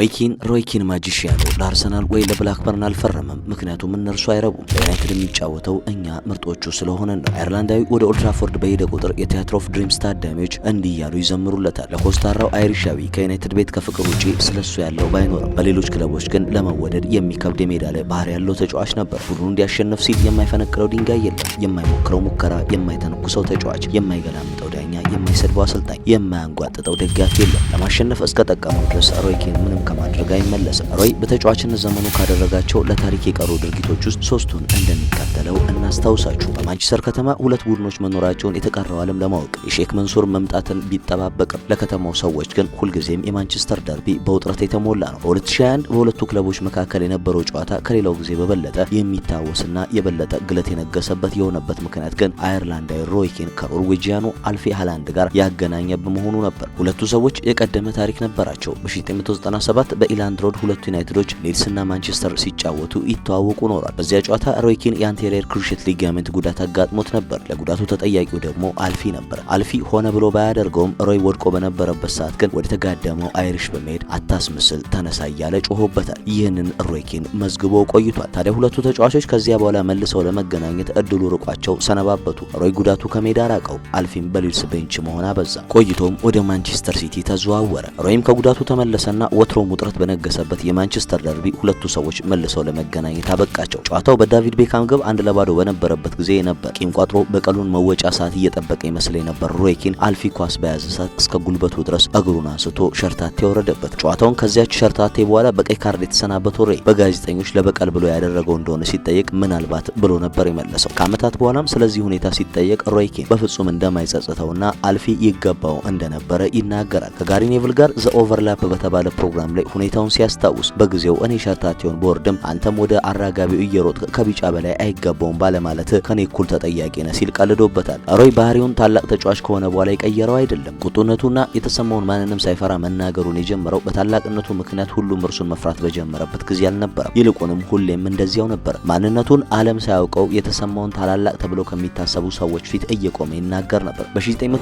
ሮይኪን ሮይኪን ማጂሽያኖ ለአርሰናል ወይ ለብላክበርን አልፈረመም፣ ምክንያቱም እነርሱ አይረቡም። ለዩናይትድ የሚጫወተው እኛ ምርጦቹ ስለሆነ ነው። አይርላንዳዊ ወደ ኦልትራፎርድ በሄደ ቁጥር የቲያትር ኦፍ ድሪምስ ታዳሚዎች እንዲህ እያሉ ይዘምሩለታል። ለኮስታራው አይሪሻዊ ከዩናይትድ ቤት ከፍቅር ውጪ ስለሱ ያለው ባይኖርም በሌሎች ክለቦች ግን ለመወደድ የሚከብድ የሜዳ ላይ ባህር ያለው ተጫዋች ነበር። ቡድኑ እንዲያሸንፍ ሲል የማይፈነቅለው ድንጋይ የለም፣ የማይሞክረው ሙከራ፣ የማይተነኩሰው ተጫዋች፣ የማይገላምጠው የሚሰድበው አሰልጣኝ፣ የማያንጓጥጠው ደጋፊ የለም። ለማሸነፍ እስከ ጠቀመው ድረስ ሮይ ኬን ምንም ከማድረግ አይመለስም። ሮይ በተጫዋችነት ዘመኑ ካደረጋቸው ለታሪክ የቀሩ ድርጊቶች ውስጥ ሶስቱን እንደሚከተለው እናስታውሳችሁ። በማንቸስተር ከተማ ሁለት ቡድኖች መኖራቸውን የተቀረው ዓለም ለማወቅ የሼክ መንሱር መምጣትን ቢጠባበቅም ለከተማው ሰዎች ግን ሁልጊዜም የማንቸስተር ደርቢ በውጥረት የተሞላ ነው። በ2021 በሁለቱ ክለቦች መካከል የነበረው ጨዋታ ከሌላው ጊዜ በበለጠ የሚታወስና የበለጠ ግለት የነገሰበት የሆነበት ምክንያት ግን አየርላንዳዊ ሮይ ኬን ከኖርዌጂያኑ አልፌ ሃላንድ ሃይላንድ ጋር ያገናኘ በመሆኑ ነበር። ሁለቱ ሰዎች የቀደመ ታሪክ ነበራቸው። በ1997 በኢላንድ ሮድ ሁለቱ ዩናይትዶች ሌድስና ማንቸስተር ሲጫወቱ ይተዋወቁ ኖሯል። በዚያ ጨዋታ ሮይኪን የአንቴሪየር ክሩሼት ሊጋመንት ጉዳት አጋጥሞት ነበር። ለጉዳቱ ተጠያቂው ደግሞ አልፊ ነበር። አልፊ ሆነ ብሎ ባያደርገውም ሮይ ወድቆ በነበረበት ሰዓት ግን ወደ ተጋደመው አይሪሽ በመሄድ አታስመስል ተነሳ እያለ ጮሆበታል። ይህንን ሮይኪን መዝግቦ ቆይቷል። ታዲያ ሁለቱ ተጫዋቾች ከዚያ በኋላ መልሰው ለመገናኘት እድሉ ርቋቸው ሰነባበቱ። ሮይ ጉዳቱ ከሜዳ ራቀው፣ አልፊም በሊድስ ቤንች ምንጭ መሆን አበዛ። ቆይቶም ወደ ማንቸስተር ሲቲ ተዘዋወረ። ሮይም ከጉዳቱ ተመለሰና ወትሮም ውጥረት በነገሰበት የማንቸስተር ደርቢ ሁለቱ ሰዎች መልሰው ለመገናኘት አበቃቸው። ጨዋታው በዳቪድ ቤካም ግብ አንድ ለባዶ በነበረበት ጊዜ ነበር። ቂም ቋጥሮ በቀሉን መወጫ ሰዓት እየጠበቀ ይመስል የነበር ሮይ ኪን አልፊ ኳስ በያዘ ሰዓት እስከ ጉልበቱ ድረስ እግሩን አንስቶ ሸርታቴ ወረደበት። ጨዋታውን ከዚያች ሸርታቴ በኋላ በቀይ ካርድ የተሰናበተው ሮይ በጋዜጠኞች ለበቀል ብሎ ያደረገው እንደሆነ ሲጠየቅ ምናልባት ብሎ ነበር የመለሰው። ከዓመታት በኋላም ስለዚህ ሁኔታ ሲጠየቅ ሮይ ኪን በፍጹም እንደማይጸጽተውና አልፌ ይገባው እንደነበረ ይናገራል። ከጋሪ ኔቭል ጋር ዘ ኦቨርላፕ በተባለ ፕሮግራም ላይ ሁኔታውን ሲያስታውስ በጊዜው እኔ ሸርታቸውን ቦርድም አንተም ወደ አራጋቢው እየሮጥ ከቢጫ በላይ አይገባውም ባለማለት ከኔ እኩል ተጠያቂ ነ ሲል ቀልዶበታል። ሮይ ባህሪውን ታላቅ ተጫዋች ከሆነ በኋላ የቀየረው አይደለም። ቁጡነቱና የተሰማውን ማንንም ሳይፈራ መናገሩን የጀመረው በታላቅነቱ ምክንያት ሁሉም እርሱን መፍራት በጀመረበት ጊዜ አልነበረም። ይልቁንም ሁሌም እንደዚያው ነበር። ማንነቱን ዓለም ሳያውቀው የተሰማውን ታላላቅ ተብሎ ከሚታሰቡ ሰዎች ፊት እየቆመ ይናገር ነበር በ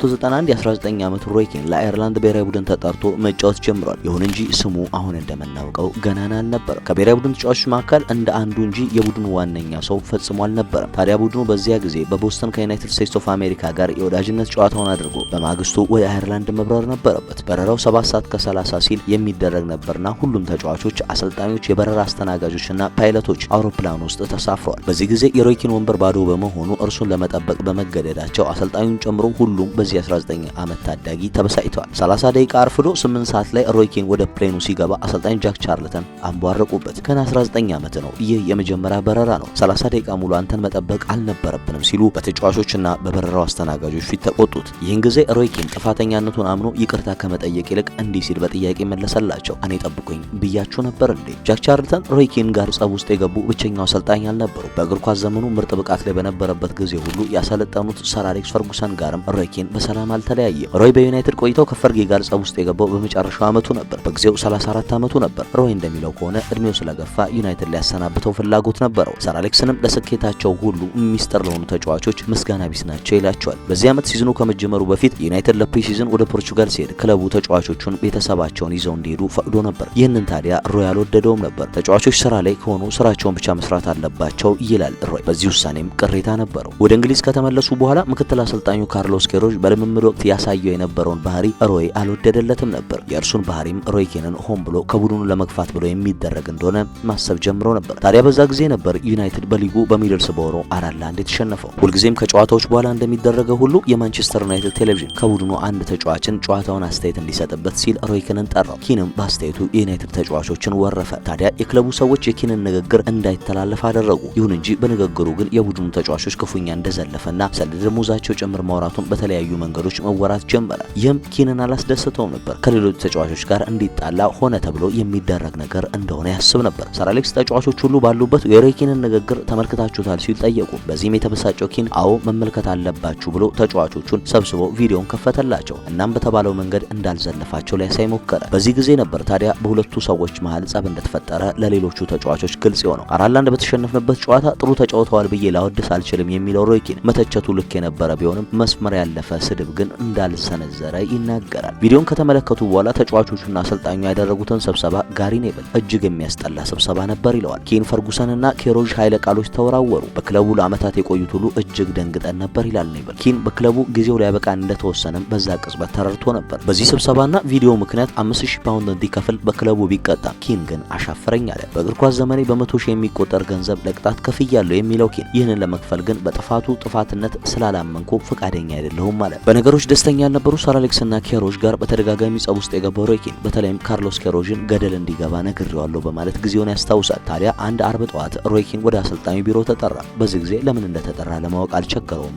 1991 የ19 ዓመቱ ሮይኬን ለአየርላንድ ብሔራዊ ቡድን ተጠርቶ መጫወት ጀምሯል። ይሁን እንጂ ስሙ አሁን እንደምናውቀው ገናና አልነበረም። ከብሔራዊ ቡድን ተጫዋቾች መካከል እንደ አንዱ እንጂ የቡድኑ ዋነኛ ሰው ፈጽሞ አልነበረም። ታዲያ ቡድኑ በዚያ ጊዜ በቦስተን ከዩናይትድ ስቴትስ ኦፍ አሜሪካ ጋር የወዳጅነት ጨዋታውን አድርጎ በማግስቱ ወደ አየርላንድ መብረር ነበረበት። በረራው 7 ሰዓት ከ30 ሲል የሚደረግ ነበርና ሁሉም ተጫዋቾች፣ አሰልጣኞች፣ የበረራ አስተናጋጆችና ፓይለቶች አውሮፕላን ውስጥ ተሳፍረዋል። በዚህ ጊዜ የሮይኪን ወንበር ባዶ በመሆኑ እርሱን ለመጠበቅ በመገደዳቸው አሰልጣኙን ጨምሮ ሁሉም በዚያ የ19 ዓመት ታዳጊ ተበሳጭተዋል። 30 ደቂቃ አርፍዶ 8 ሰዓት ላይ ሮይኪን ወደ ፕሌኑ ሲገባ አሰልጣኝ ጃክ ቻርልተን አንቧረቁበት። ከን 19 ዓመት ነው፣ ይህ የመጀመሪያ በረራ ነው፣ 30 ደቂቃ ሙሉ አንተን መጠበቅ አልነበረብንም ሲሉ በተጫዋቾችና በበረራው አስተናጋጆች ፊት ተቆጡት። ይህን ጊዜ ሮይኪን ጥፋተኛነቱን አምኖ ይቅርታ ከመጠየቅ ይልቅ እንዲህ ሲል በጥያቄ መለሰላቸው። እኔ ጠብቁኝ ብያችሁ ነበር እንዴ? ጃክ ቻርልተን ሮይኪን ጋር ጸብ ውስጥ የገቡ ብቸኛው አሰልጣኝ አልነበሩ። በእግር ኳስ ዘመኑ ምርጥ ብቃት ላይ በነበረበት ጊዜ ሁሉ ያሰለጠኑት ሰር አሌክስ ፈርጉሰን ጋርም ሮይኪን በ በሰላም አልተለያየም። ሮይ በዩናይትድ ቆይተው ከፈርጌ ጋር ጸብ ውስጥ የገባው በመጨረሻው ዓመቱ ነበር። በጊዜው 34 ዓመቱ ነበር። ሮይ እንደሚለው ከሆነ እድሜው ስለገፋ ዩናይትድ ሊያሰናብተው ፍላጎት ነበረው። ሰር አሌክስንም ለስኬታቸው ሁሉ ሚስጥር ለሆኑ ተጫዋቾች ምስጋና ቢስ ናቸው ይላቸዋል። በዚህ አመት ሲዝኑ ከመጀመሩ በፊት ዩናይትድ ለፕሪ ሲዝን ወደ ፖርቹጋል ሲሄድ ክለቡ ተጫዋቾቹን ቤተሰባቸውን ይዘው እንዲሄዱ ፈቅዶ ነበር። ይህንን ታዲያ ሮይ አልወደደውም ነበር። ተጫዋቾች ስራ ላይ ከሆኑ ስራቸውን ብቻ መስራት አለባቸው ይላል ሮይ። በዚህ ውሳኔም ቅሬታ ነበረው። ወደ እንግሊዝ ከተመለሱ በኋላ ምክትል አሰልጣኙ ካርሎስ ኬሮች በልምምድ ወቅት ያሳየው የነበረውን ባህሪ ሮይ አልወደደለትም ነበር። የእርሱን ባህሪም ሮይ ኬንን ሆን ብሎ ከቡድኑ ለመግፋት ብሎ የሚደረግ እንደሆነ ማሰብ ጀምሮ ነበር። ታዲያ በዛ ጊዜ ነበር ዩናይትድ በሊጉ በሚድልስብሮ አራት ለአንድ የተሸነፈው። ሁልጊዜም ከጨዋታዎች በኋላ እንደሚደረገው ሁሉ የማንቸስተር ዩናይትድ ቴሌቪዥን ከቡድኑ አንድ ተጫዋችን ጨዋታውን አስተያየት እንዲሰጥበት ሲል ሮይ ኬንን ጠራው። ኪንም በአስተያየቱ የዩናይትድ ተጫዋቾችን ወረፈ። ታዲያ የክለቡ ሰዎች የኪንን ንግግር እንዳይተላለፍ አደረጉ። ይሁን እንጂ በንግግሩ ግን የቡድኑ ተጫዋቾች ክፉኛ እንደዘለፈና ስለ ደሞዛቸው ጭምር ማውራቱን በተለያዩ መንገዶች መወራት ጀመረ። ይህም ኪንን አላስደሰተውም ነበር። ከሌሎች ተጫዋቾች ጋር እንዲጣላ ሆነ ተብሎ የሚደረግ ነገር እንደሆነ ያስብ ነበር። ሰር አሌክስ ተጫዋቾች ሁሉ ባሉበት የሮይ ኪንን ንግግር ተመልክታችሁታል ሲል ጠየቁ። በዚህም የተበሳጨው ኪን አዎ መመልከት አለባችሁ ብሎ ተጫዋቾቹን ሰብስቦ ቪዲዮን ከፈተላቸው። እናም በተባለው መንገድ እንዳልዘለፋቸው ሊያሳይ ሞከረ። በዚህ ጊዜ ነበር ታዲያ በሁለቱ ሰዎች መሀል ጸብ እንደተፈጠረ ለሌሎቹ ተጫዋቾች ግልጽ የሆነው። አራላንድ በተሸነፍንበት ጨዋታ ጥሩ ተጫውተዋል ብዬ ላወድስ አልችልም የሚለው ሮይ ኪን መተቸቱ ልክ የነበረ ቢሆንም መስመር ያለፈ ስድብ ግን እንዳልሰነዘረ ይናገራል። ቪዲዮን ከተመለከቱ በኋላ ተጫዋቾቹና አሰልጣኙ ያደረጉትን ስብሰባ ጋሪ ኔቭል እጅግ የሚያስጠላ ስብሰባ ነበር ይለዋል። ኬን ፈርጉሰንና ኬሮዥ ኃይለ ቃሎች ተወራወሩ። በክለቡ ለዓመታት የቆዩት ሁሉ እጅግ ደንግጠን ነበር ይላል ኔቭል። ኬን በክለቡ ጊዜው ሊያበቃ እንደተወሰነም በዛ ቅጽበት ተረድቶ ነበር። በዚህ ስብሰባና ቪዲዮ ምክንያት አምስት ሺህ ፓውንድ እንዲከፍል በክለቡ ቢቀጣ ኬን ግን አሻፈረኝ አለ። በእግር ኳስ ዘመኔ በመቶ ሺህ የሚቆጠር ገንዘብ ለቅጣት ከፍያለሁ የሚለው ኬን ይህንን ለመክፈል ግን በጥፋቱ ጥፋትነት ስላላመንኩ ፈቃደኛ አይደለሁም አለ። በነገሮች ደስተኛ ያልነበሩ ሰር አሌክስና ኬሮዥ ጋር በተደጋጋሚ ጸብ ውስጥ የገባው ሮይኪን በተለይም ካርሎስ ኬሮዥን ገደል እንዲገባ ነግሬዋለሁ በማለት ጊዜውን ያስታውሳል። ታዲያ አንድ አርብ ጠዋት ሮይኪን ወደ አሰልጣኙ ቢሮ ተጠራ። በዚህ ጊዜ ለምን እንደተጠራ ለማወቅ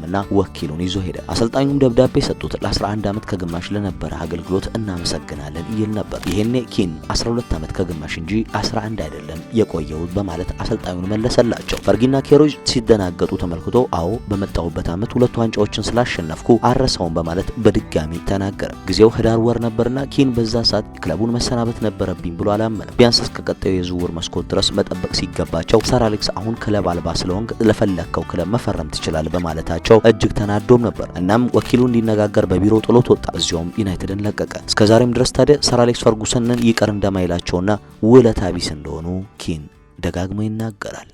እና ወኪሉን ይዞ ሄደ። አሰልጣኙም ደብዳቤ ሰጡት። ለ11 ዓመት ከግማሽ ለነበረ አገልግሎት እናመሰግናለን ይል ነበር። ይሄኔ ኪን 12 ዓመት ከግማሽ እንጂ 11 አይደለም የቆየው በማለት አሰልጣኙን መለሰላቸው። ፈርጊና ኬሮዥ ሲደናገጡ ተመልክቶ አዎ በመጣሁበት ዓመት ሁለቱ ዋንጫዎችን ስላሸነፍኩ አረ አይረሳውም በማለት በድጋሚ ተናገረ። ጊዜው ህዳር ወር ነበርና ኪን በዛ ሰዓት ክለቡን መሰናበት ነበረብኝ ብሎ አላመነም። ቢያንስ እስከ ቀጣዩ የዝውውር መስኮት ድረስ መጠበቅ ሲገባቸው ሰር አሌክስ አሁን ክለብ አልባ ስለሆንክ ለፈለግከው ክለብ መፈረም ትችላል በማለታቸው እጅግ ተናዶም ነበር። እናም ወኪሉ እንዲነጋገር በቢሮ ጥሎት ወጣ። እዚያውም ዩናይትድን ለቀቀ። ዛሬም ድረስ ታዲያ ሰር አሌክስ ፈርጉሰንን ይቅር እንደማይላቸውና ውለታ ቢስ እንደሆኑ ኪን ደጋግሞ ይናገራል።